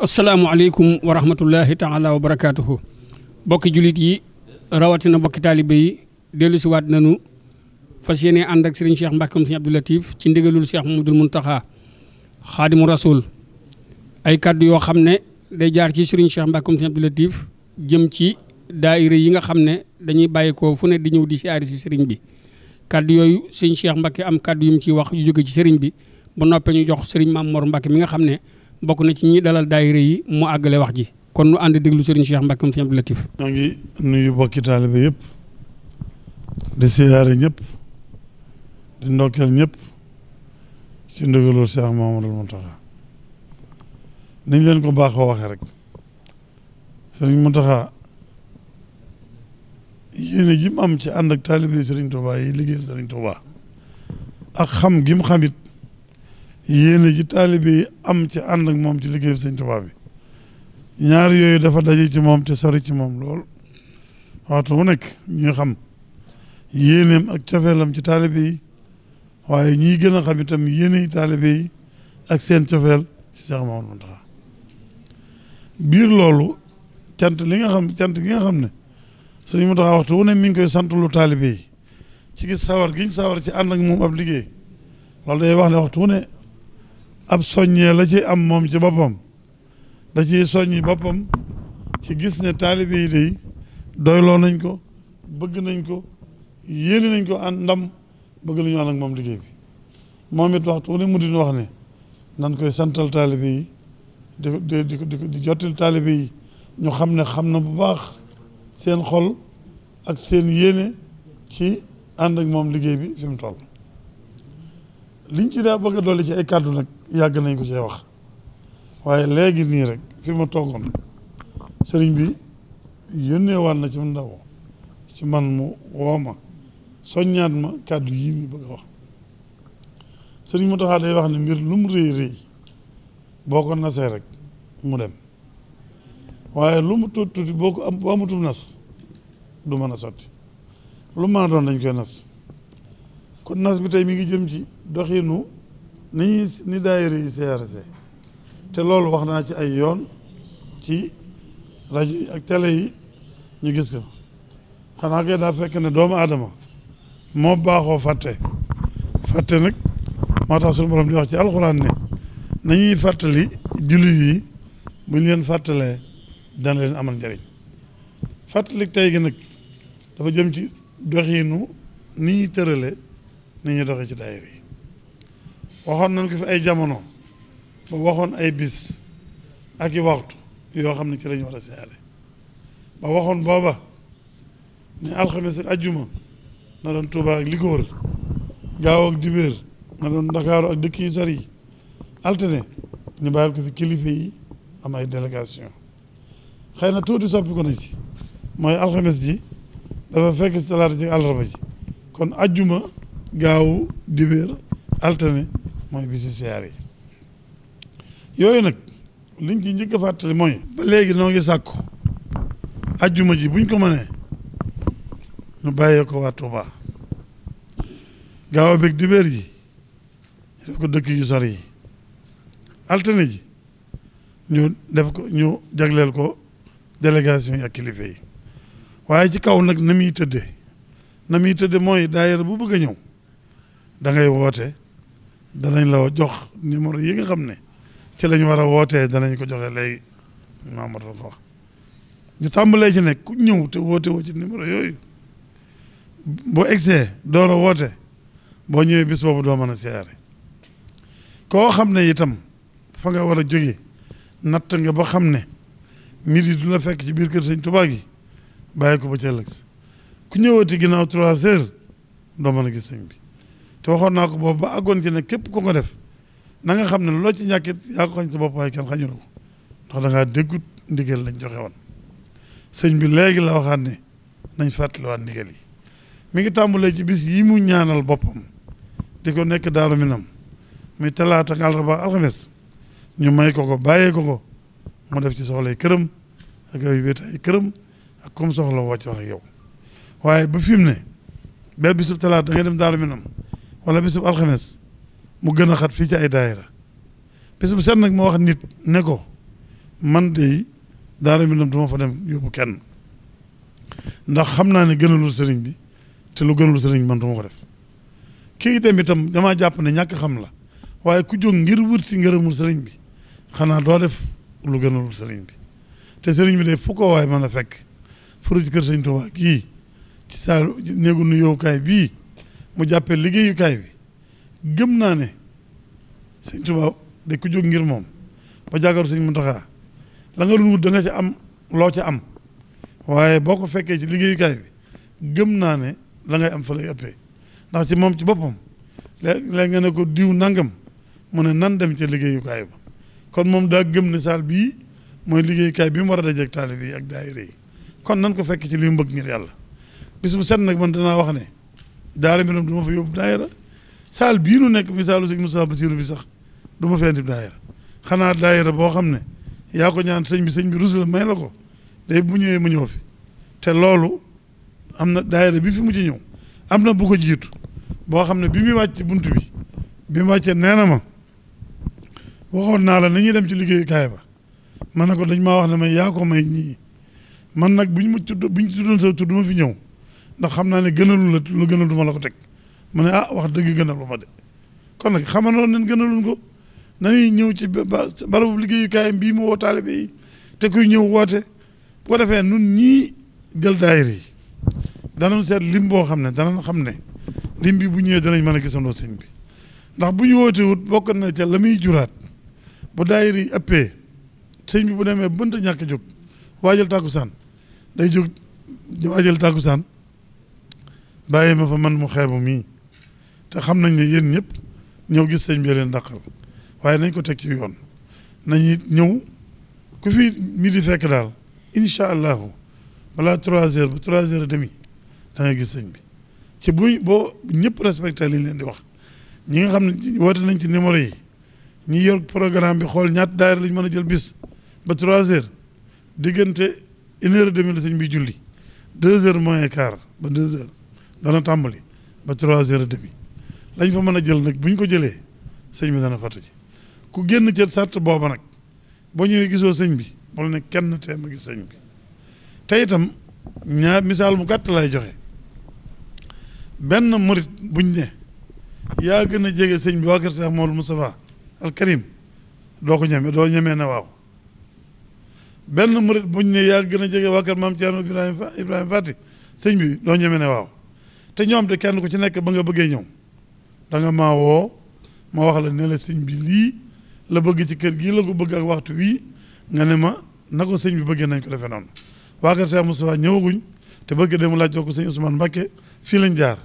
asalaamualeykum wa rahmatullahi taala wa barakaatuhu bokki jullit yi rawatina bokki taalibe yi dellu si waat nañu fas yéene ànd ak sëriñ Cheikh Mbàkkum sëriñ Abdou Latif ci ndigalul Cheikh Mamadul Muntaxa xaadimu rasul ay kàddu yoo xam ne day jaar ci sëriñ Cheikh Mbàkkum sëriñ Abdou jëm ci daayira yi nga xam ne dañuy bàyyikoo fu ne di ñëw di siyaare si bi kàddu yooyu sëriñ Cheikh Mbàkke am kàddu yu mu ciy wax yu jóge ci sëriñ bi ba noppee ñu jox sëriñ Maam Mor Mbàkke mi nga xam ne bokk na ci ñi dalal daayira yi mu àggale wax ji kon nu ànd déglu Serigne Cheikh Mbacke Serigne Abdou Latif. ñoo ngi nuyu bokki taalibe yëpp di siyaare ñëpp di ndokkeel ñëpp ci ndigalul Cheikh Mamadou Mountakha niñ leen ko baaxoo waxee rek Serigne Mountakha yéene ji mu am ci ànd ak taalibe Serigne Touba yi liggéeyal Serigne Touba ak xam gi xamit yéene ji taalibe yi am ci ànd ak moom ci liggéeyu sëñ Tuubaa bi ñaar yooyu dafa daje ci moom te sori ci moom lool waxtu wu nekk ñi xam yéeneem ak cofeelam ci taalibe yi waaye ñi gën a xam itam yéeney taalibe yi ak seen cofeel ci Seex Mamadu biir loolu cant li nga xam cant gi nga xam ne sëñ Muntaxa waxtu wu ne mi ngi koy sant lu taalibe yi ci gis sawar gi sawar ci ànd ak moom ab liggéey loolu day wax waxtu wu ab soññee la ci am moom ci boppam da ciy soññi boppam ci gis ne taalibe yi day doyloo nañ ko bëgg nañ ko yéene nañ ko an ndam bëgg nañu ànd ak moom liggéey bi moom it waxtu wu ne mu di wax ne nan koy santal taalibe yi di di di di jottil taalibe yi ñu xam ne xam na bu baax seen xol ak seen yéene ci ànd ak moom liggéey bi fi mu liñ ci daa bëgg a dolli ci ay kàddu nag yàgg nañ ko cee wax waaye léegi nii rek fi ma toogoon sëriñ bi yónnee waan na ci man ndaw ci man mu woo ma soññaat ma kàddu yii mi bëgg a wax sëriñ mu taxaa day wax ne mbir lu mu rëy rëy boo ko nasee rek mu dem waaye lu mu tuuti boo ko am amutum nas du mën a sotti lu mën a doon dañ koy nas kon nas bi tey mi ngi jëm ci doxinu ni ñuy ni daayira te loolu wax naa ci ay yoon ci rajo ak télé yi ñu gis ko xanaa kay daa fekk ne doomu aadama moo baaxoo fàtte fàtte nag moo tax suñu borom di wax ci alxuraan ne nañuy fàttali jullit yi buñ leen fàttalee dana leen amal njariñ fàttalik tey gi nag dafa jëm ci doxinu ni ñuy tërale ni ñuy doxee ci daayira yi waxoon nañ ko fi ay jamono ba waxoon ay bis ak i waxtu yoo xam ne ci lañu war a siyaare ba waxoon booba ne alxames ak ajjuma na doon Tuuba ak li ko wër gaaw ak dibéer na doon Ndakaaru ak dëkk yi sori yi altine ñu bàyyil ko fi kilifa yi am ay délégation xëy na tuuti soppi ko na ci mooy alxames ji dafa fekk si talaata ji àllarba ji kon ajjuma gaaw dibéer altine mooy bisi siyaar yi yooyu nag liñ ci njëkk a fàttali mooy ba léegi noo ngi sàkku ajjuma ji buñ ko mane ñu bàyyee ko waa Touba gaaw beg bég ji def ko dëkk yu sori yi altine ji ñu def ko ñu jagleel ko délégation yi ak kilifa yi waaye ci kaw nag na muy tëdde na muy tëdde mooy daayira bu bëgg ñëw da woote danañ la jox numéro yi nga xam ne ci lañ war a wootee danañ ko joxe léegi membre la ko wax ñu tàmbalee ci nekk ku ñëw te woote woo ci numéro yooyu boo egsee door a woote boo ñëwee bis boobu doo mën a siyaare koo xam ne itam fa war a jóge natt nga ba xam ne mbir yi du la fekk ci biir kër sëñ Tuubaa gi bàyyi ko ba ca ëllëg ku ñëwati ginnaaw trois heures doo mën a gis sëñ bi te waxoon naa ko boobu ba àggoon ci ne képp ku ko def na nga xam ne loo ci ñàkkit yaa ko xañ sa bopp waaye kenn xañu ko ndax da ngaa déggut ndigal lañ joxe woon sëñ bi léegi la waxaan ne nañ fàttaliwaat ndigal yi mi ngi tàmbalee ci bis yi mu ñaanal boppam di nekk daaru minam muy talaata ak àllarba alxames ñu may ko ko bàyyee ko ko mu def ci soxlay këram ak ay wéetaay këram ak comme soxla woo ci wax yow waaye ba fi mu ne benn bisub talaata da dem daaru minam wala bisub alxames mu gën a xat fii ci ay daayira bisub set nag ma wax nit ne ko man de daara mi nam duma fa dem yóbbu kenn ndax xam naa ne gënalul sëriñ bi te lu gënalul sëriñ bi man duma ko def kii damaa jàpp ne ñàkk xam la waaye ku jóg ngir wut si ngërëmul sëriñ bi xanaa doo def lu gënalul sëriñ bi te sëriñ bi de fu ko waay a fekk furu ci kër sëriñ Tuubaa kii ci saa néegu nuyookaay bii mu jàppee liggéeyukaay bi gëm naa ne sëñ Tuubaa day ku jóg ngir moom ba jàkkaaru sëñ Muntaxaa la nga doon wut da ci am loo ci am waaye boo ko fekkee ci liggéeyukaay bi gëm naa ne la ngay am fa lay ndax ci moom ci boppam léeg-léeg nga ne ko diw nangam mu ne nan dem ca liggéeyukaay ba kon moom daa gëm ne saal bii mooy liggéeyukaay bi mu war a dajeeg taalib yi ak daayira yi kon nan ko fekkee ci li mbëgg bëgg ngir yàlla bis bu set nag man danaa wax ne daara mbiram du ma fa yóbbu daayira saal bii nu nekk misaalu sëñ Moussa Bassirou bi sax du ma fenti daayira xanaa daayira boo xam ne yaako ñaan sëñ bi sëñ bi ruus la may la ko day bu ñëwee mu ñëw fi te loolu am na daayira bi fi mu ci ñëw am na bu ko jiitu boo xam ne bi muy wàcc bunt bi bi mu wàccee neenama na waxoon naa la nañuy dem ci liggéeyukaay ba ma ne ko dañ maa wax ne may yaa ko may ñii man nag buñ ma tudd buñ tuddoon sa tudd ma fi ñëw ndax xam naa ne gënalu la lu gënalu ma la ko teg mu ne ah wax dëgg gënalu ma de kon nag xamanoon nañ gënaluñ ko nañuy ñëw ci barabu liggéeyukaayam bii mu woo taalibe yi te kuy ñëw woote bu defee nun ñii jël daayira yi danañ seet lim boo xam ne dana danañ xam ne lim bi bu ñëwee danañ mën a gisandoo sëñ bi ndax bu ñu wootee wut bokk na ca la muy juraat bu daayira yi ëppee sëñ bi bu demee bënta ñàkk jóg waajal tàkkusaan day jóg waajal tàkkusaan bàyyi ma fa man mu xeebu mii te xam nañ ne yéen ñëpp ñëw gis sëñ bi leen dàqal waaye nañ ko teg ci yoon nañu ñëw ku fi mi di fekk daal incha allahu balaa trois heures ba trois heures et demi da gis sëñ bi ci bu boo ñëpp respecté li leen di wax ñi nga xam ne woote nañ ci numéro yi ñi yor programme bi xool ñaata daayira lañ mën a jël bis ba trois heures diggante une heure et demie la bi julli deux heures moins quart ba deux heures dana tàmbali ba trois heures et demi lañ fa mën a jël nag bu ñu ko jëlee sëñ bi dana fatu ji ku génn ca sart booba nag boo ñëwee gisoo sëñ bi wala ne kenn tee ma gis sëñ bi te itam ñaar misaal mu gàtt lay joxe benn murit buñ ne yaa gën a jege sëñ bi waa kër Seex Mawlud Moustapha al doo ko ñeme doo ñemee ne waaw benn murit buñ ne yaa gën a jege waa kër maam Thierno Ibrahima Ibrahima Fati sëñ bi doo ñeme ne waaw te ñoom de kenn ku ci nekk ba nga bëggee ñëw da nga maa woo ma wax la ne la sëñ bi lii la bëgg ci kër gii la ko bëgg ak waxtu wii nga ne ma na ko sëñ bi bëggee nañ ko defee noonu waa kër Cheikh Moustapha ñëwaguñ te bëgg dem laaj ko sëñ Ousmane Mbacké fii lañ jaar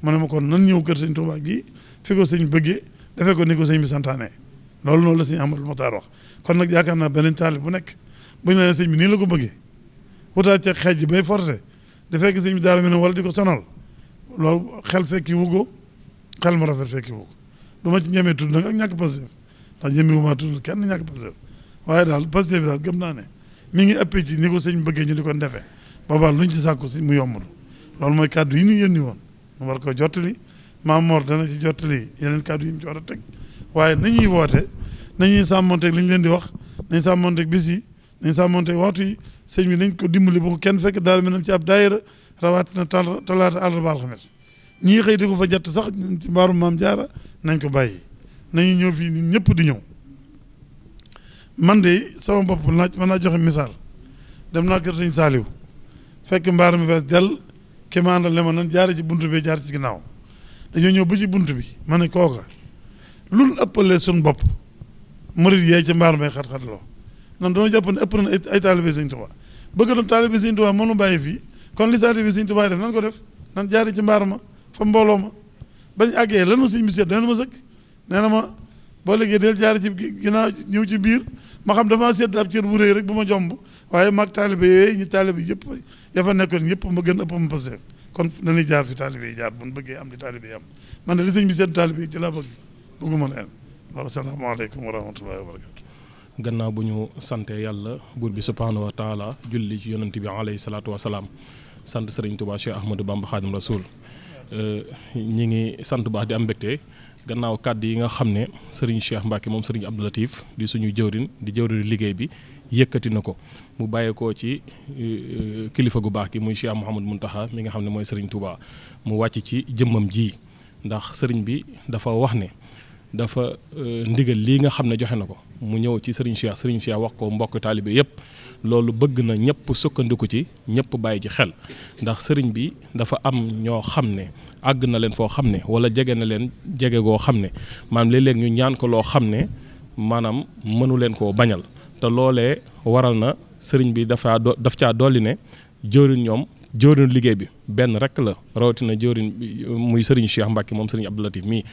ma ne ma kon nan ñëw kër sëñ Touba gii fi ko sëñ bëggee defee ko ni ko sëñ bi santaane loolu noonu la sëñ Amadou Mokhtar wax kon nag yaakaar naa beneen taali bu nekk bu ñu la nee sëñ bi nii la ko bëggee wutaat ca xeej bay forcé dafekk sëñ bi daara mi ne wala di ko sonal lool xel fekki wu ko xel mu rafet fekki wu ko du ma ci ñemee tudd nag ak ñàkk Pastef ndax wu maa tudd kenn ñàkk Pastef waaye daal Pastef bi daal gëm naa ne mi ngi ëppee ci ni ko sëñ bëggee ñu di ko defee boobaa luñ ci sàkku si mu yombul loolu mooy kàddu yi ñu yónni woon mu war ko jottali maam Mor dana ci jottali yeneen kàddu yi mu ci war a teg waaye nañuy woote nañuy sàmmonteeg li ñu leen di wax nañ sàmmonteeg bis yi nañ sàmmonteeg waxtu yi sëñ nañ ko dimbali bu kenn fekk daal mi nam ci ab daayira rawaat na talaata àllarba alxames ñii xëy di ko fa jàtt sax ci mbaarum maam jaara nañ ko bàyyi nañu ñëw fii ñëpp di ñëw man de sama bopp naa mën naa joxe misaal dem naa kër sëñ saaliw fekk mbaar mu fees dell ki ma àndal ne ma nan jaare ci buntu bi jaar ci ginnaaw dañoo ñëw ba ci bunt bi ma ne kooka ëpp ëppalee suñ bopp murit yee mbaar may xat-xatloo nan dañoo jàpp ëpp nañ ay taalibe sëñ Tuubaa bëgg na taalibe sëñ Tuubaa mënu bàyyi fii kon lisaati bi Sëñ Tuubaa def nan ko def nan jaari ci mbaar ma fa mbooloo ma bañ àggee lanu Sëñ bi seet na ma sëkk nee na ma boo léegi del jaar ci ginnaaw ñëw ci biir ma xam damaa seet ab cër bu réy rek bu ma jomb waaye mag taalibe yooyu ñu taalibe yëpp ya fa nekkoon ñëpp ma gën ëpp ma pasé kon dañuy jaar fi taalibe yi jaar bu ñu bëggee am di taalibe yi am man de li Sëñ bi seet taalibe yi ci laa bëgg bëgguma leen loolu salaamaaleykum wa rahmatullahi wa barakatu gannaaw bu ñu sante yàlla buur bi subhaanahu wa taala julli ci yonent bi alayhi wa salaam sant Serigne Touba Cheikh Ahmadou Bamba Khadim Rasoul euh, ñi ngi sant baax di am mbégte gannaaw kàdd yi nga xam ne Serigne Cheikh Mbacke moom Serigne Abdou Latif di suñu jëwrin di jëwrin liggéey bi yëkkati na ko mu bàyyeekoo ci euh, kilifa gu baax gi muy Cheikh Mouhamadou Mountakha mi nga xam ne mooy Serigne Touba mu wàcc ci jëmmam ji ndax sëriñ bi dafa wax ne. dafa euh, ndigal lii nga xam ne joxe na ko mu ñëw ci Serigne Cheikh Serigne Cheikh wax ko mbokk taalibe yëpp loolu bëgg na ñëpp sukkandiku ci ñëpp bàyyi ci xel ndax Serigne bi dafa am ñoo xam ne àgg na leen foo xam ne wala jege na leen jege goo xam ne maanaam léeg-léeg ñu ñaan ko loo xam ne maanaam mënu leen koo bañal te loolee waral na Serigne bi dafa daf caa dolli ne jëriñ ñoom jëwriñu liggéey bi benn rek la rawatina jëwriñ muy Serigne Cheikh Mbacke moom Serigne Abdou Latif mii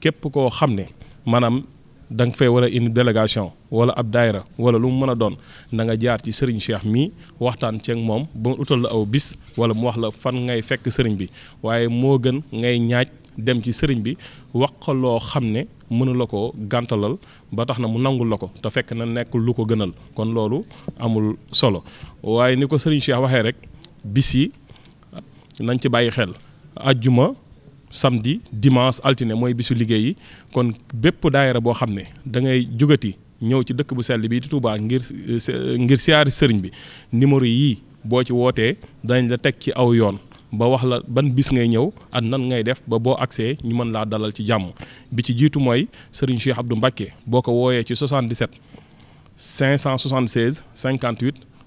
képp koo xam ne maanaam da nga fay war a indi délégation wala ab daayra wala lu mu mën a doon nanga jaar ci Serigne Cheikh mii waxtaan ceeg moom ba mu utal la aw bis wala mu wax la fan ngay fekk sëriñ bi waaye moo gën ngay ñaaj dem ci sëriñ bi wax loo xam ne mënula ko gàntalal ba tax na mu nangul la ko te fekk na nekk lu ko gënal kon loolu amul solo waaye ni ko Serigne waxee rek. bis yi nañ ci bàyyi xel ajjuma samedi dimanche altine mooy bisu liggéey yi kon bépp daayira boo xam ne dangay ngay jugati ñëw ci dëkk bu sell bi di Touba ngir eh, ngir siyaari sëriñ bi numéro yii boo ci wootee danañ la teg ci aw yoon ba wax la ban bis ngay ñëw ak nan ngay def ba boo agsee ñu mën laa dalal ci jàmm bi ci jiitu mooy sëriñ xam Abdou Mbacké boo ko wooyee ci 77 576 58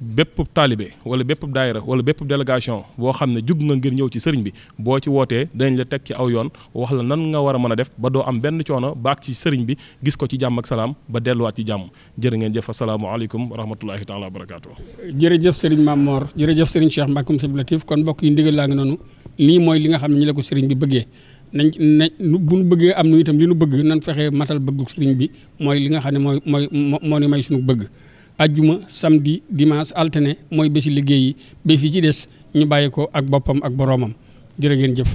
bépp taalibe wala bépp daayira wala bépp délégation boo xam ne jug nga ngir ñëw ci sëriñ bi boo ci wootee danañ la teg ci aw yoon wax la nan nga war a mën a def ba doo am benn coono baak ci sëriñ bi gis ko ci jàmm ak salaam ba delluwaat ci jàmm jërë ngeen jëf asalaamaaleykum wa rahmatulahi taala wa barakaatu. jërëjëf sëriñ Mamor jërëjëf sëriñ Cheikh Mbakoum Sëriñ Latif kon bokk yi ndigal laa ngi noonu lii mooy li nga xam ne ñi la ko sëriñ bi bëggee nañ nañ bu ñu bëggee am nu itam li nu bëgg nan fexe matal bëggu sëriñ bi mooy li nga xam ne mooy mooy moo ni may suñu bëgg ajjuma samedi dimanche altine mooy bési liggéey yi bés yi ci des ñu bàyyi ko ak boppam ak boroomam jërë ngeen jëf.